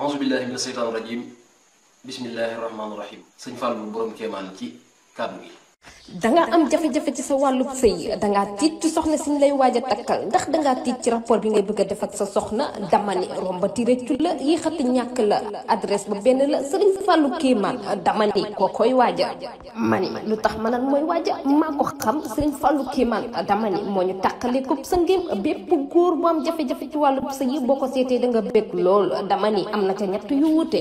auzu billahi mina seytaani rajim bismillahi rahmaani rahim sëñ Fallou borom kéemaan ci kàddu gi danga am jafe-jafe ci sa wàllub sëy danga tiit ci soxna sin lay waja takal takkal ndax danga tiit ci rapport bi ngay bëgg def ak sa soxna dama ni rombati reccu la xati ñak la adresse ba ben la serigne fallu kima dama ni koy mani lu tax ma moy waja mako xam serigne fallu kima dama ni moo ñu ko sa ngeem bepp goor bu am jafe-jafe ci wàllub sëy boko sété da nga bëgg lool dama ni am ca ñatt yu wuté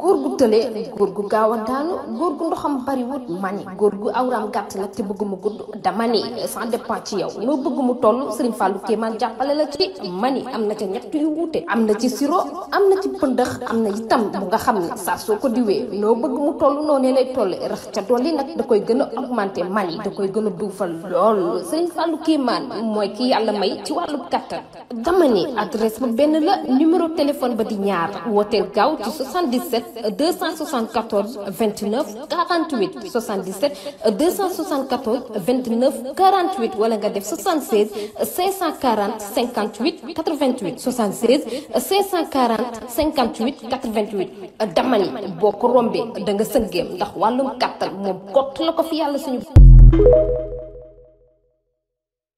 goor gu tele goor gu gaaw daanu gu ndoxam bariwut mani goor gu awraam gàtt nag te bëgg mu gudd dama ni ça dépend ci yow noo bëgg mu toll Serigne Fallou Kéemaan jàppale la ci mani am na ca ñett yu wuute am na ci sirop am na ci pëndëx am na itam bu nga xam ne saa soo ko diwee noo bëgg mu toll noonee lay toll rax ca dolli nag da koy gën a augmenté mani da koy gën a duufal lool Serigne Fallou Kéemaan mooy kii yàlla may ci wàllu kàttan dama ni adresse ba benn la numéro téléphone ba di ñaar wooteel gaaw ci 77 274 29 48 77 274 29 48 wala nga def 76 540 58 88 76 540 58 88 dama ni boo ko rombee da nga sëngeem ndax wàllum kàttan moom kott la ko fi yàlla suñu.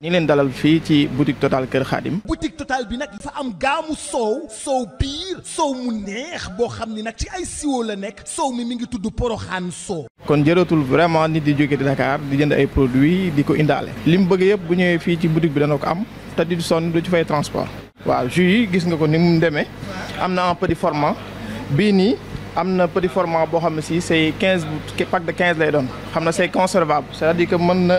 ñi leen dalal fii ci boutique Total Kër Xaadim boutique Total bi nag sa am gaamu soow soow piir soow mu neex boo xam ni nag ci ay siwo la nekk soow mi mi ngi tudd poroxaan soow kon jërëtul vraiment nit di jóge Dakar di jënd ay produits di ko indaale li mu bëgg yëpp bu ñëwee fii ci boutique bi dana ko am te di sonn du ci fay transport waaw jus gis nga ko ni mu demee am na un petit format bii nii am na petit format boo xam ne si c'est quinze pack de quinze lay doon xam na c'est conservable cest mën na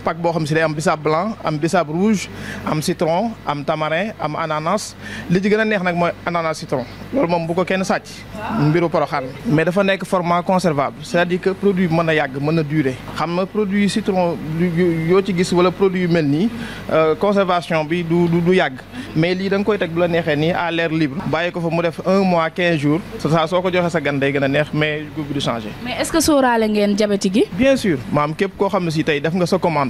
pack bo xam si day am bisaab blanc am bisaab rouge am citron am tamarin am ananas li ci gëna neex nak mooy ananas citron loolu mom bu ko kenn sacc mbiru poroxaan mais dafa nekk format conservable c'est-à-dire que produit bi yag a durer xam nga produit citron yo ci gis wala produit melni euh, conservation bi du du yag. mais li dang koy tek bu la neexee ni à l'air libre bàyyi ko fa mu def un mois quinze jours Ça soko ko sa gan day gëna neex mais goût du changer. mais est-ce que sóoraale ngeen diabète gi bien sûr maam képp koo xam ne si tey def nga sa commande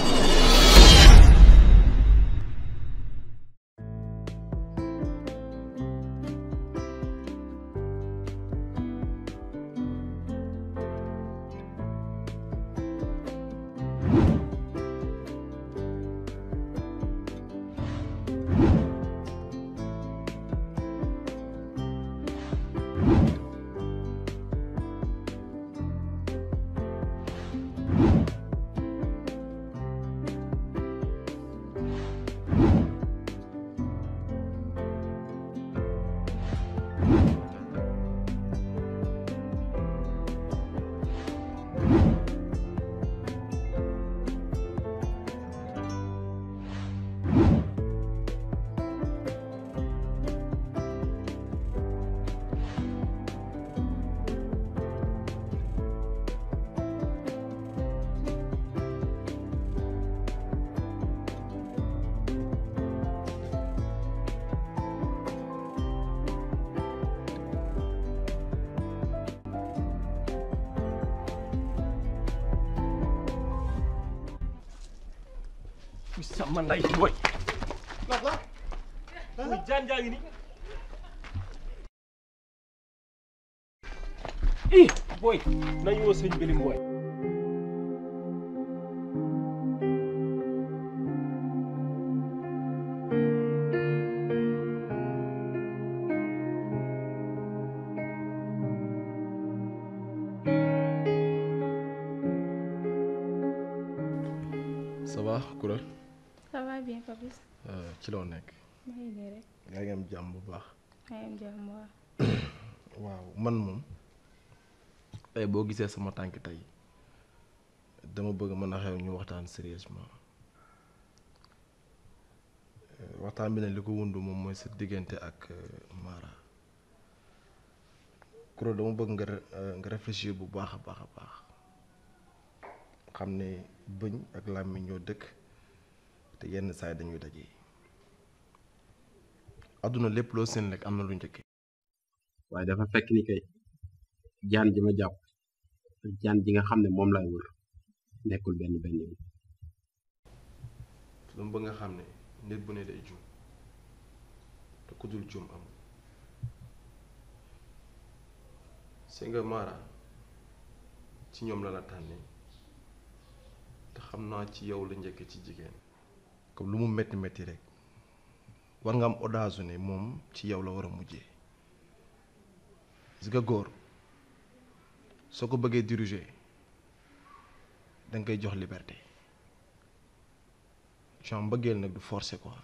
bisa mandai boy. Lap lap. Hujan jauh ini. Ih, boy, na yuwa sun boy. si loo nekk. yaa ngi am jàmm bu baax. waaw man moom tey boo gisee sama tànk tey dama bëgg mën a xew ñu waxtaan sérieusement euh, waxtaan bi ne li ko wundu moom mooy sa diggante ak euh, Mara Kuro dama bëgg nga euh, nga bu baax a baax a baax xam ne bëñ ak làmmiñ ñoo dëkk te yenn saay dañuy daje. àdduna lépp loo seen rek am na lu njëkke waaye dafa fekk ni kay jaan ji ma jàpp ak jaan ji nga xam ne moom laay wër nekkul benn benn bi dama bëgg nga xam ne nit bu ne day juum te ku dul juum amul si nga maara ci ñoom la la tànnee te xam naa ci yow lu njëkke ci jigéen kon lu mu metti metti rek war nga am audace ne moom ci yow la war a mujjee gis nga góor soo ko bëggee diriger da nga koy jox liberté genre mbëggeel nag du forcer quoi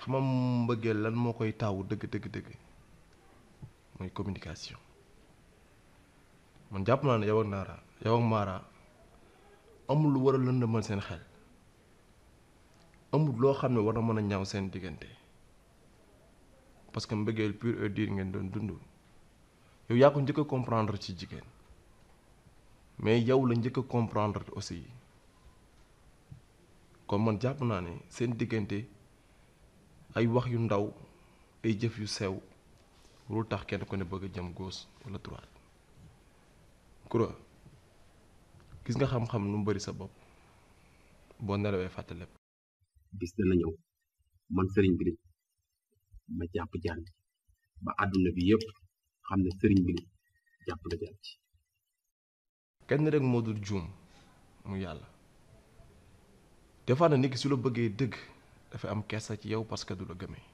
xamam mbëggeel lan moo koy taawu dëgg dëgg dëgg mooy communication man jàpp naa ne yow ak Naara yow ak Mara amul lu war a lëndëmal seen xel. amul loo xam ne war na mën a ñaaw seen diggante parce que mbëggeel pur et dur ngeen doon dund yow yaa ko njëkk a comprendre ci jigéen mais yow la njëkk a comprendre aussi kon man jàpp naa ne seen diggante ay wax yu ndaw ay jëf yu sew warul tax kenn ku ne bëgg a jëm goos wala droite kuro gis nga xam-xam nu mu bëri sa bopp boo nelawee fàtte gis dana ñëw man sëriñ bi ma jàpp jànt ba àdduna bi yëpp xam ne sëriñ bi jàpp na jànt kenn rek moo dul juum mu yàlla des fois na nit ki su la bëggee dëgg dafa am kersa ci yow parce que du la gëmee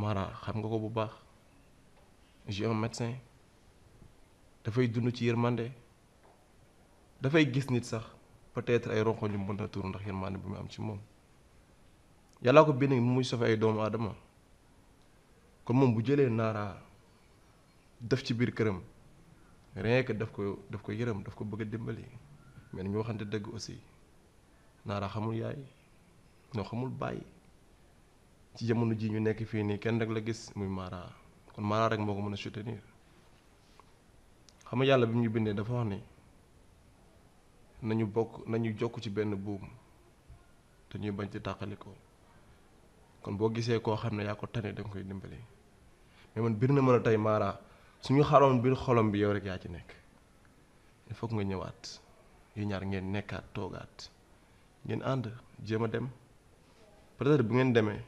Mara xam nga ko bu baax j'ai un dafay dund ci yërmande dafay gis nit sax peut-être ay ronko ñu mën a tuur ndax yërmande bi mu am ci moom yàllaa ko bind mu muy sofe ay doomu aadama kon moom bu jëlee naaraa def ci biir këram rien daf ko daf ko yërëm daf ko bëgg a dimbali mais ñu waxante dëgg aussi naaraa xamul yaay noo xamul bàyyi ci jamono ji ñu nekk fii nii kenn rek la gis muy maaraa kon maaraa rek moo ko mën a soutenir xam nga yàlla bi ñu bindee dafa wax ni nañu bok, nañu jokk ci benn buum te ñuy bañ ci tàqalikoo kon boo gisee koo xam ne yaa ko tane da nga koy dimbali mais man bir na mën a tey maara suñu xaroon bir xolom bi yow rek yaa ci nekk il faut nga ñëwaat yu ñaar ngeen nekkaat toogaat ngeen ànd jéem a dem peut être bu ngeen demee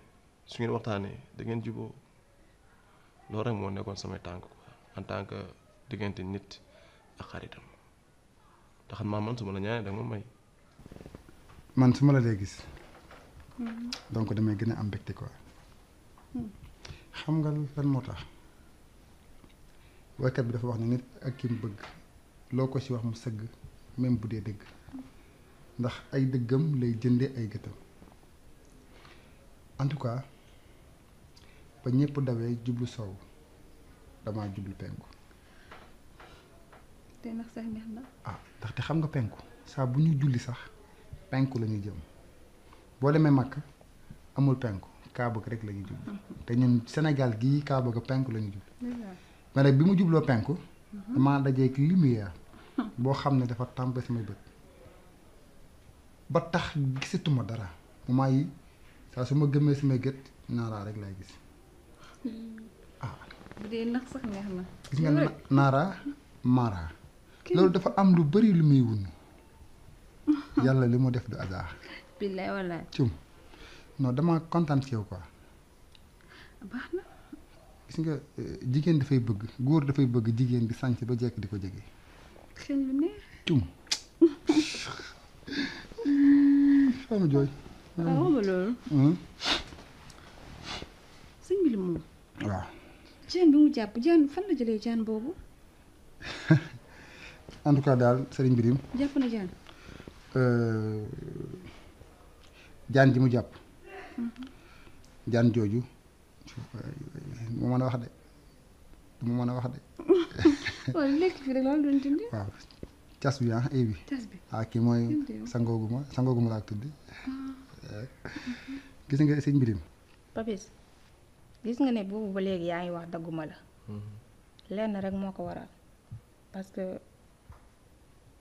su ngeen waxtaanee da ngeen juboo loolu rek moo nekkoon samay tànk quoi en tant que diggante nit ak xaritam te xam naa man la ñaanee danga ma may. man su la dee gis. Mm-hmm. donc damay gën a am mbégte quoi. Mm-hmm. xam nga lan moo tax. waykat bi dafa wax ne nit ak ki mu bëgg loo ko ci wax mu sëgg même bu dee dëgg ndax ay dëggam lay jënde ay gëtam en tout cas ba ñëpp dawee jublu soow dama jublu penku. tey nak sax neex na. ah ndaxte xam nga penku sah, bu ñu julli sax penku la ñuy jëm boo demee Makka amul penku kaaba ga rek la ñuy julli. Mhm. te ñun Sénégal gii kaaba ga penku la ñuy julli. mais nag bi mu jubloo penku. Mhm. damaa dajeeg lumière. boo xam ne dafa tàmpe sama bët. ba tax gisatuma dara moment yi saa sama rek gis hmm. ah. bu dee nax sax neex na. nara mara loolu dafa am lu bari lu muy wun yàlla li mu def du hasard. billaay wallaay. cum non dama kontaan ci yow baax na. gis nga eh, jigéen dafay bëgg góor dafay bëgg jigéen bi sànc ba jekk di ko jege. xëy na. cum. xaw ma jooy. Ah, hmm? mu jàpp jaan fan la jëlee jaan boobu. en tout cas daal sëriñ Birame. jàpp na euh, jaan. mu jàpp. jaan mhm. jooju. mu mën a wax de mu mën a wax de. cas bi ah ay eh bi. Ah, kii mooy sangooguma sangooguma laa tudd. Ah. gis nga sëñ Birame. Papis gis nga ne boobu ba léegi yaa ngi wax dagguma la. Mhm. lenn rek moo ko waral parce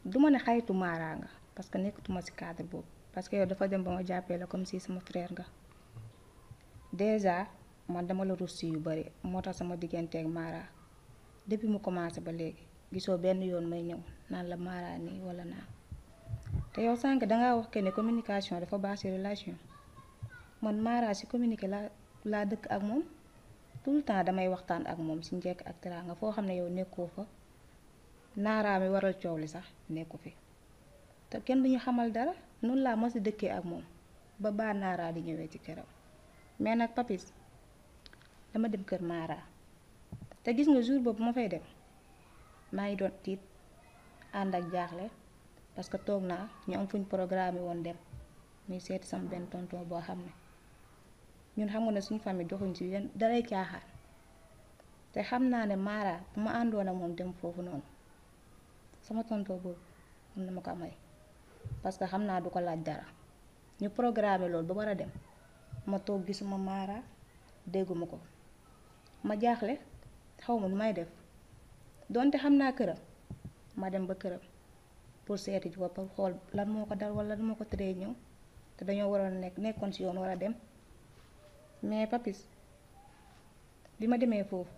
du ma ne xaritu Mara nga parce que nekkatuma ci cadre boobu parce que yow dafa dem ba ma jàppee la comme si sama frère nga déjà man dama la rus yu bari moo tax sama diggante digganteeg Mara depuis mu commencé ba léegi gisoo benn yoon may ñëw naan la Mara nii wala naa te yow sànq dangaa wax que ne communication dafa baax ci relation man Mara ci communiquer laa laa dëkk ak moom tout le temps damay waxtaan ak moom ci njekk ak nga foo xam ne yow nekkoo fa. naaraami waral coow li sax nekku fi te kenn duñu xamal dara noonu laa mos a dëkkee ak moom ba baa naaraa di ñëwee ci këram mais nag papis dama dem kër Mara te gis nga jour boobu ma fay dem maa ngi doon tiit ànd ak jaaxle parce que toog naa ñu am programme woon dem muy seeti sama benn tonton boo xam ne ñun xam nga ne suñu famille doxuñ ci yéen dalay caaxaan te xam naa ne Mara bu ma àndoon moom dem foofu noonu sama tonto boobu mun na ma ko may parce que xam naa du ko laaj dara ñu programme loolu ba war a dem ma toog gisuma maara dégguma ko ma jaaxle xaw ma nu may def donte xam naa këram ma dem ba këram pour seeti ji ko pour xool lan moo ko dal wala lan moo ko tëree ñëw te dañoo waroon nekk nekkoon si yoon war a dem mais papis bi ma demee foofu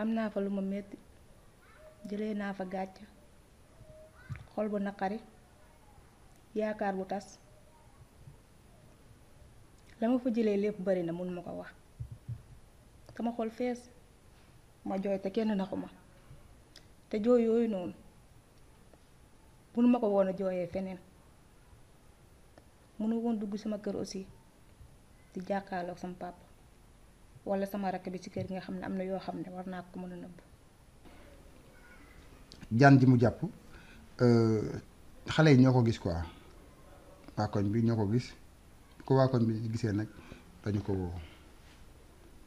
am naa fa lu ma metti jëlee naa fa gàcc xol bu naqari yaakaar bu tas la ma fa jëlee lépp bari na mun ma ko wax sama xol fees ma jooy te kenn naxu ma te jooy yooyu noonu mun ma ko woon a jooyee feneen munu woon dugg sama kër aussi di jàkkaarloog sama papa wala sama rakk bi ci kër gi nga xam ne am na yoo xam ne war naa ko mën a nëbb jaan ji mu jàpp euh, xale yi ñoo ko gis quoi waa koñ bi ñoo ko gis ko waa koñ bi gisee nag dañu ko woo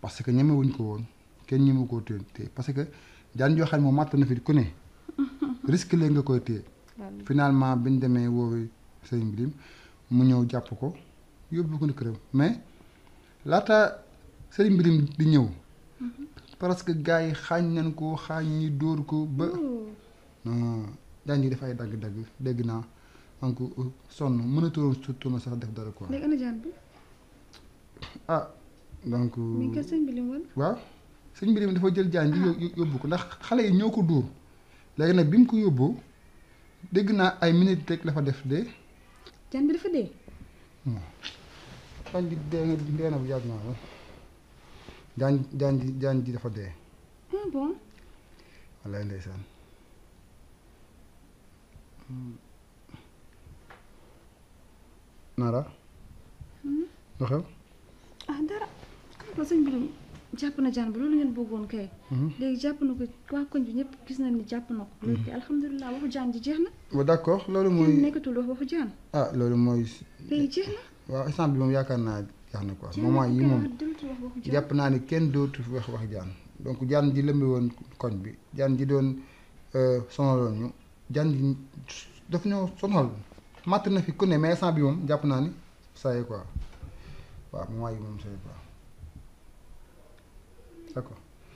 parce que ñemewuñ ko woon kenn ñemewu koo téye parce que jaan joo xam ne moom màtt na fi ku ne risque la nga koy téye finalement biñ demee woowee sëñ bi mu ñëw jàpp ko yóbbu ko ni këram mais laata sëriñ mbirim di ñëw mm-hmm. parce que gars yi xaañ nañ ko xaañ ñi dóor ko ba daañu def ay dagg-dagg dégg naa donc euh, sonn mënatuloon surtout na sax def dara quoi. léegi ana jaan bi. ah donc. Euh, mi ngi sëñ waaw sëñ bi dafa jël jaan bi ah. yóbbu ko ndax xale yi ñoo ko dóor léegi nag bi mu ko yóbbu dégg naa ay minit teg la fa def dee. jaan bi dafa dee. jaan bi dee na dee bu yàgg naa la jaan jaan ji jaan ji dafa dee. ah bon. walaay ndeysaan. Nara. Hmm? lu xew. ah dara xam nga sëñ bi jàpp na jaan ba loolu ngeen bëggoon kay. Hmm? léegi jàpp na ko waa koñ bi ñëpp gis nañ ni jàpp na ko. Hmm. loolu mooy nekkatul waxu ah, yaakaar naa jeex na quoi moment yi moom jàpp naa ni kenn dootu wax wax jaan donc jaan ji lëmbe woon koñ bi jaan ji doon euh, sonaloon ñu. jàng daf ñoo sonal matt na fi ku ne mais instant bi moom jàpp naa ni ça y est waaw moment yi moom ça y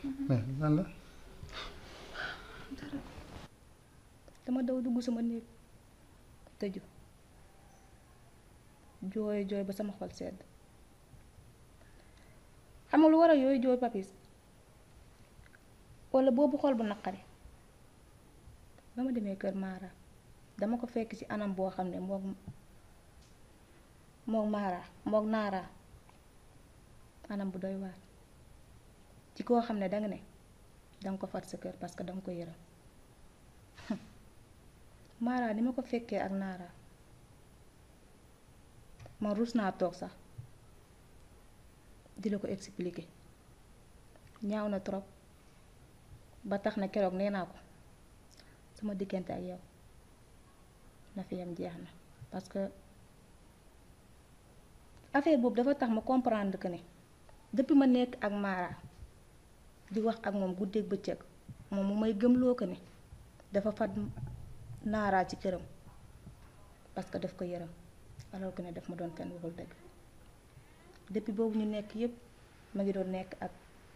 mhm. mais dama daw dugg sama néeg tëju jooy jooy ba sama xol sedd xam nga lu war a yooyu jooy papis wala boobu xol bu naqari ma demi kër Mara dama ko fekk ci anam boo mau ne moog Mara moog nara anam bu doy waar ci koo xam ne kau ne danga ko fat sa kër parce que danga ko Mara ni ma ko ak Naara man ruus naa sax di loko ko expliquer ñaaw Batang trop ba tax na sama diggante ak yow na fi yam jeex na parce que affaire bob dafa tax ma comprendre que ne depuis ma nek ak Mara di wax ak mom goudé beccëk mom mu may lo que ne dafa fat nara ci kërëm parce que daf ko yërëm alors que ne daf ma doon fenn waxul dëgg depuis bobu ñu nek yépp ma ngi doon nek ak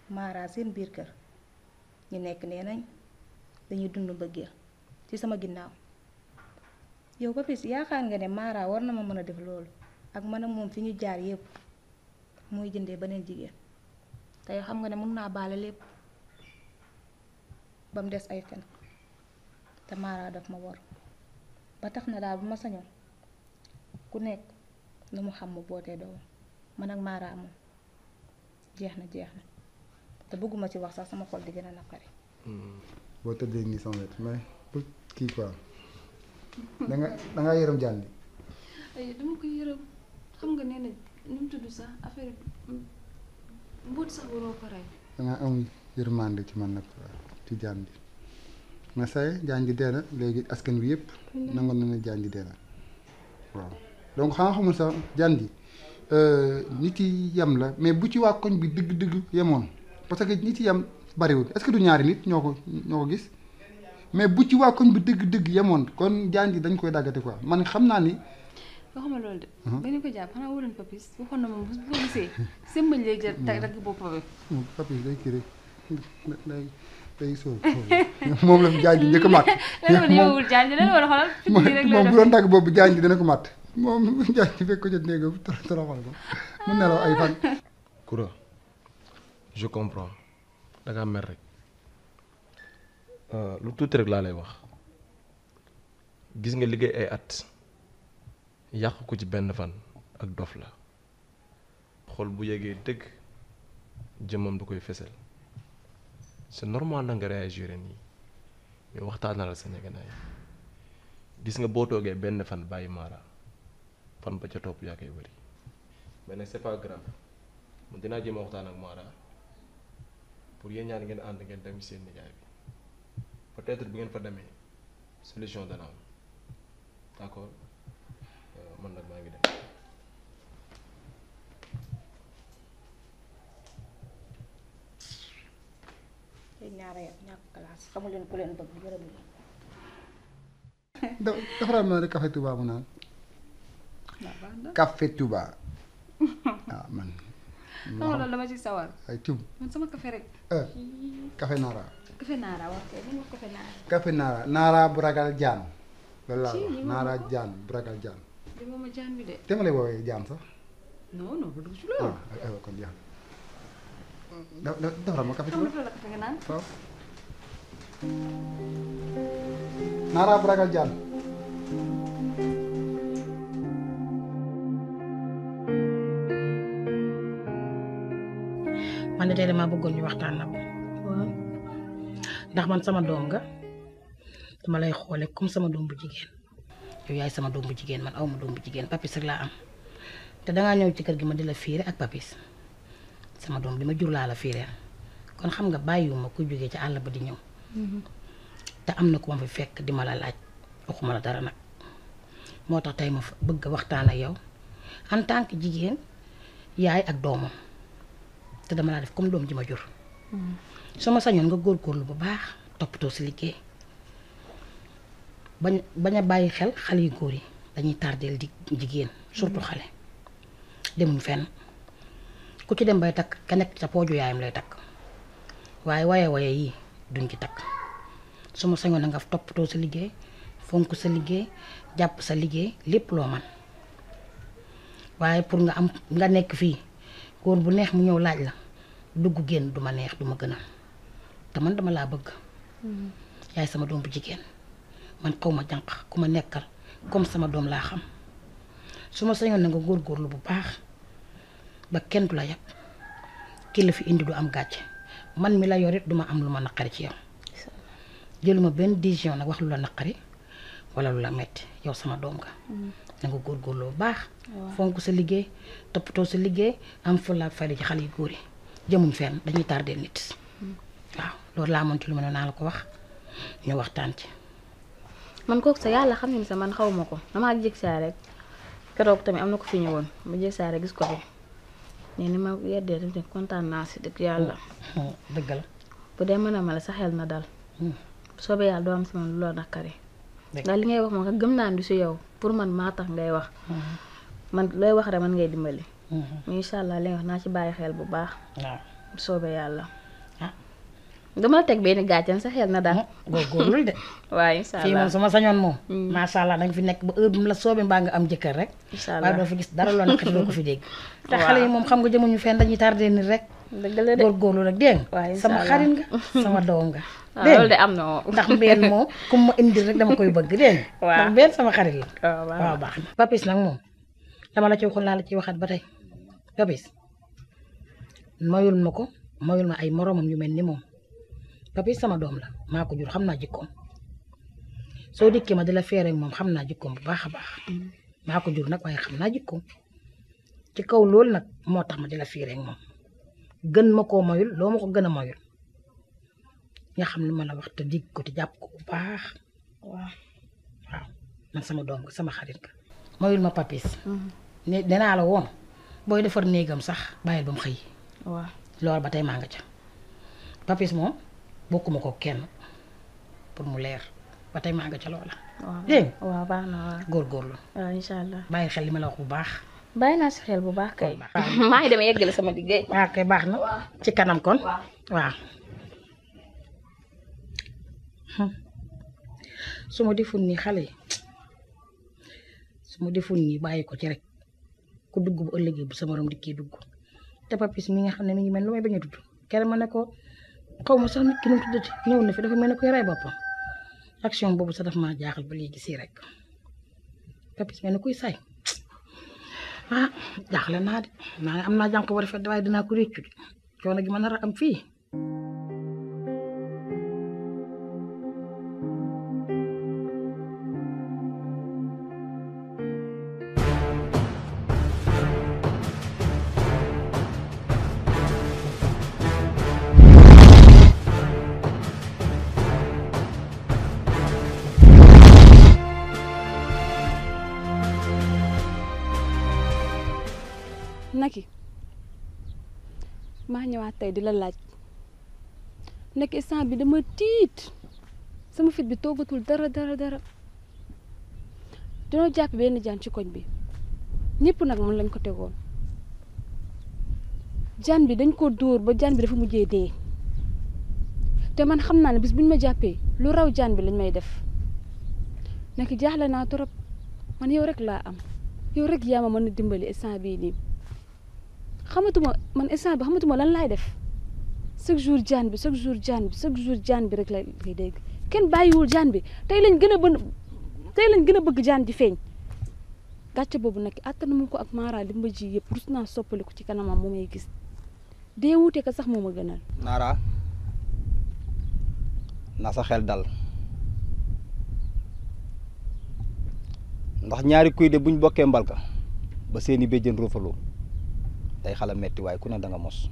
Mara seen biir kër ñu nek nenañ dañuy dund ci sama ginnaaw yow papis yaakaar nga ne Mara war na ma mën a def loolu ak man a moom fi ñu jaar yépp muy jëndee beneen jigéen te xam nga ne mën naa baale lépp ba mu des ay fen te Mara daf ma war ba tax na daal bu ma sañoon ku nekk nu mu xam mu bootee doom man ak Mara moom jeex na jeex na te bëgguma ci wax sax sama xol di gën a naqari. Hmm. boo tëddee nii sama wet mais. kii quoi da nga yërëm jàll. dama ko yërëm xam nga nee na nu tudd sax affaire mbuut sax waroo ko rey. da ngaa am ci man nag ci jaan bi mais say jaan ji léegi askan wi yëpp nangoon na ne jaan na waaw donc xam nga xamul sax jaan ji nit euh, yi yem la mais bu ci waa koñ bi dëgg-dëgg yemoon parce que nit yi yem bariwul est-ce du ñaari nit ñoo ko ñoo ko gis. mais bu ci waa koñ bi dëgg-dëgg yemoon kon jaan ji dañ koy daggate quoi man xam naa ni. waxuma loolu de. ba ñu ko jàpp xanaa wóoroon papis waxoon na moom bu ko gisee sëmbal lay jël tag la jaan ji njëkk a màtt. yowul jaan ji lan war a xoolal. moom bu doon dagg boobu jaan ji dana ko màtt. moom jaan ji fekk ko jot néegam toroxal ko mu nelaw ay fan. Koura je comprends rek. Euh, lu tuuti rek laa lay wax gis nga liggéey ay at yàq ko ci benn fan ak dof la xol bu yegee dëgg jëmmam du koy fesal c'est normal na nga réagir nii mais waxtaanal sa ñeganaay gis nga boo toogee benn fan bàyyi maara fan ba ca topp yaa koy wëri mais nag c'est pas man dinaa jéem a waxtaan ak maara pour yéen ñaar ngeen ànd ngeen dem seen nijaay bi peut être bu ngeen fa demee solution dana am d' accord euh, man nag maa ngi dem. yéen ñaare ñàkk classe xamu leen ku leen bëgg yërëm leen. da dafa café Touba mu naan. café Touba. ah man. xam nga dama ci sawar. ay tub man sama café rek. Eh, café Nara kafe Nara, nara kay ñu wax kafe naara. kafe naara dimo ma ragal jaan. de moom bi de. te ma lay sax. non non do ci ah kon jaan. da da defaral ma kafe nara la kafe nga man dé tey damaa ñu waxtaan na ndax man sama doom nga dama lay xoole comme sama doom bu jigéen yow yaay sama doom bu jigéen man awma doom bu jigéen papis rek laa am te dangaa ñëw ci kër gi ma di la fiire ak papis sama doom bi ma jur laa la fiireel kon xam nga bàyyiwuma ku jógee ci àll ba di ñëw mm-hmm. te am na ku ma fi fekk di ma la laaj waxuma la dara nag moo tax tey ma bëgg waxtaan ak yow en tant que jigéen yaay ak doomam te dama laa def comme doom ji ma jur ma sañoon nga góor góorgóorlu bu baax toppatoo si liggéey bañ bañ a bàyyi xel xale yu góor yi dañuy tardeel di jigéen surtout mm-hmm. xale demul fenn ku ci dem bay takk ka nekk sa pooju yaayam lay takk waaye waye waye yii duñ ci takk suma sañoon a nga toppatoo sa liggéey fonk sa liggéey jàpp sa liggéey lépp loo man waaye pour nga am nga nekk fii góor bu neex mu ñëw laaj la duggu genn duma neex duma gëna te man dama la bëgg. Mm-hmm. yaay sama doom bu jigen man xawma jank kuma nekkal comme sama doom la xam suma ma na nga lu bu baax ba kenn dula yab fi indi du am gatché man mi la duma am luma nakari ci yow. jëluma ben décision nakari wax lu la ya wala lu la metti yow sama doom nga. Mm-hmm. na nga gor lu baax. fonku sa liggéey sa liggéey am fu la fayda ci xali jëmum fenn dañuy tardé nit waaw lool la amoon ci lu ma ne la ko wax ñu waxtaan ci. man ko sa yalla xamni sa man xawmako dama ko damaa jég rek keroog tamit amna ko fi ñëwoon ma jég saa rek gis ko fi ne ni ma yeddee daf ne contant na ci dëgg yalla oh, oh, dëgg la. bu dé mëna mala sa xel na dal. Hmm. sobe yalla do am sama man nakari. da li ngay wax mo gëm naa du ci yow pour man ma tax ngay wax. Hmm. man looy wax rek man ngay dimbali. Mm-hmm. incha allah li nga wax naa ci bàyyi xel bu baax. waaw soobee yàlla. ah dama teg benn gàcce sa xel na daal. Mm, góorgóorlu de. waaw incha allah fii moom sama sañoon moom. Mm. macha allah na nga fi nekk ba heure bu mu la am jëkkër rek. incha allah fi gis dara loo fi dégg. moom xam nga jëmuñu fenn dañuy tardé nit rek. dëgg la de góorgóorlu rek dégg nga. sama xarit nga sama doom nga. Ah, am na ndax mbeen moom ku ma indi rek dama koy bëgg dégg nga. sama xarit la. Ah, waaw baax na papis nag moom dama la ci waxoon la ciy waxaat ba tey papis mayul ma ko mayul ma ay moromam yu mel ni moom papis sama doom la maa ko jur xam naa jikkoom soo dikkee ma di la feere moom xam naa jikkoom bu baax a baax maa ko jur nag waaye xam naa jikkoom ci kaw loolu nag moo tax ma di la feere moom gën ma koo mayul loo ma ko gën a mayul nga xam ne ma la wax te dig ko te jàpp ko bu baax. waaw sama doom sama xarit ka mayul ma papis. Mm-hmm. ne danaa la woon. booy defar néegam sax bàyyil ba xëy. waaw loolu ba tey maa nga ca. papis moom bokkuma ko kenn pour mu leer ba tey maa nga ca loola. waaw dégg baax na waaw. góorgóorlu. waaw incha allah bàyyi xel li ma la wax bu baax. bàyyi naa si xel bu baax kay. maa ngi demee yeggale sama liggéey. waaw ah, kay baax na ci kanam kon. waaw hmm. su ma deful nii xale yi su ma deful nii bàyyi ko ci rek. ku dugg bu ëllëgee bu sa morom dikkee dugg te papis mi nga xam ne mi ngi mel lu may bañ a tudd kenn ma ne ko xaw ma sax nit ki nu mu tuddati ñëw na fi dafa mel ne koy ray boppam action boobu sa dafa ma jaaxal ba léegi sii rek papis mel ne kuy say ah jaaxle naa de naa am naa jànku bu rafet waaye dinaa ko réccu coono gi ma nar a am fii. kay di la laaj nekk instant bi dama tiit sama fit bi toogatul dara dara dara dañoo jàpp benn jaan ci koñ bi ñëpp nag man lañ ko tegoon jaan bi dañ ko dóor ba jaan bi dafa mujjee dee te man xam naa ne bis buñ ma jàppee lu raw jaan bi lañ may def nekk jaaxle naa torop man yow rek laa am yow rek yaa ma mën a dimbali instant bii nii. xamatuma man instant bi xamatuma lan laay def chaque jour jaan bi chaque jour jaan bi chaque jour jaan bi rek la lay dégg kenn bàyyiwul jaan bi tey lañ gën a bën tey lañ gën a bëgg jaan ji feeñ gàcce boobu nag àttanuma ko ak Mara li ma ji yëpp rus naa soppaliku ci kanamam moom may gis dee wuute ka sax moo ma gënal. Mara na sa xel dal ndax ñaari kuy de buñ bokkee mbalka ba seeni béjjën roofaloo day xala metti waaye ku ne da nga mos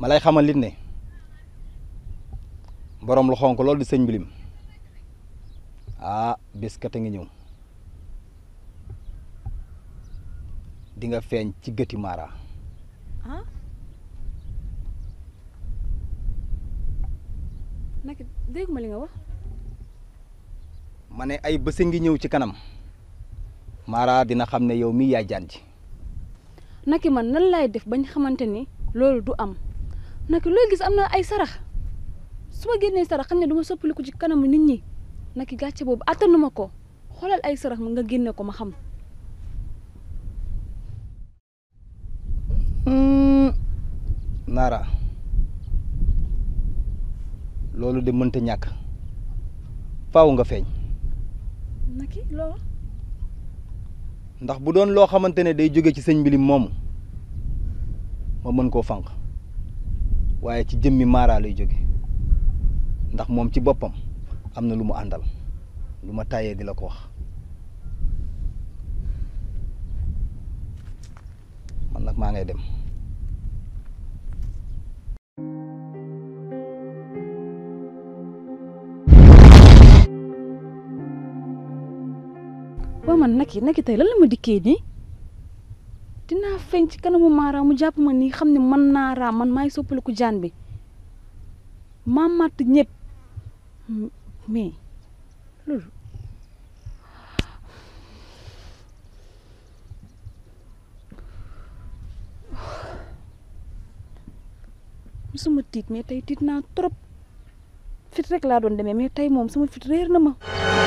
ma lay xamal lit ne boroom lu xonk loolu di sëñ bilim ah bés kat a ngi ñëw di nga feeñ ci gëti maara ah? naka dégg ma li nga wax ma ay bés a ngi ñëw ci kanam maara dina xam ne yow mi yaay jaan naki man nan laay def bañ xamante ni loolu du am naki looy gis am na ay sarax su ma génnee sarax xam ne duma soppaliku ci kanamu nit ñi naki gàcce boobu attanu ma ko xoolal ay sarax mu nga génne ko ma xam. Hmm. Nara loolu de ñàkk faw nga feeñ. naki loolu. ndax bu doon loo xamante ne day jóge ci sëñ bi lim moomu ma mën koo fanq waaye ci jëmmi Mara lay jóge ndax moom ci boppam am na lu mu àndal lu ma tàyyee di la ko wax man nag maa ngay dem waaw man nag yi nag yi tey lan la ma dikkee nii dinaa feeñ ci kanamu Mara mu jàpp ma ni xam ne man naa raa man maay soppaliku jaan bi maa màtt ñëpp mais loolu suma tiit mais tey tiit na trop fit rek laa doon demee mais tey moom sama fit réer na ma